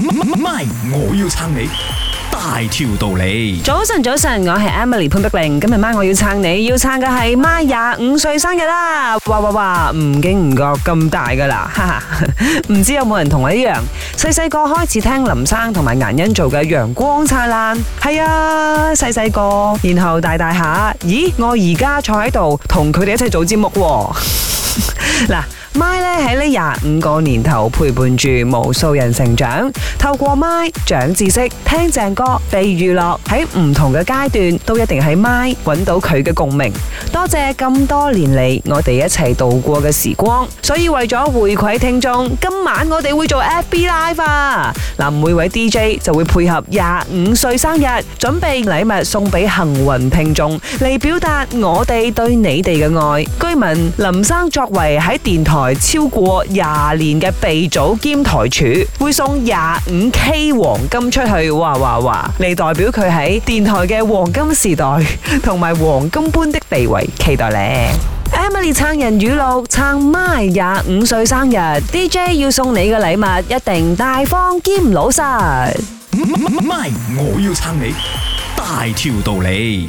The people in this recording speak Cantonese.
媽咪，媽媽媽我要撐你，大條道理。早晨，早晨，我係 Emily 潘碧玲，今日媽，我要撐你，要撐嘅係媽廿五歲生日啦！哇哇哇，唔經唔覺咁大噶啦，哈哈，唔知有冇人同我一樣，細細個開始聽林生同埋顏恩做嘅《陽光燦爛》係啊，細細個，然後大大下，咦，我而家坐喺度同佢哋一齊做節目喎，啊，嗱。 MY 喺呢廿五個年頭，陪伴住無數人成長，透過 MY 長知識、聽正歌、被娛樂，喺唔同嘅階段都一定喺 MY 揾到佢嘅共鳴。多謝咁多年嚟我哋一齊度過嘅時光，所以為咗回饋聽眾，今晚我哋會做 FB Live 啊！嗱，每位 DJ 就會配合廿五歲生日準備禮物送俾幸運聽眾，嚟表達我哋對你哋嘅愛。居民林生作為喺電台。台超過廿年嘅鼻祖兼台柱，會送廿五 K 黃金出去，嘩嘩嘩，嚟代表佢喺電台嘅黃金時代同埋黃金般的地位，期待咧。Emily 撐人語錄，撐 MY 廿五歲生日，DJ 要送你嘅禮物一定大方兼老實。MY，我要撐你，大條道理。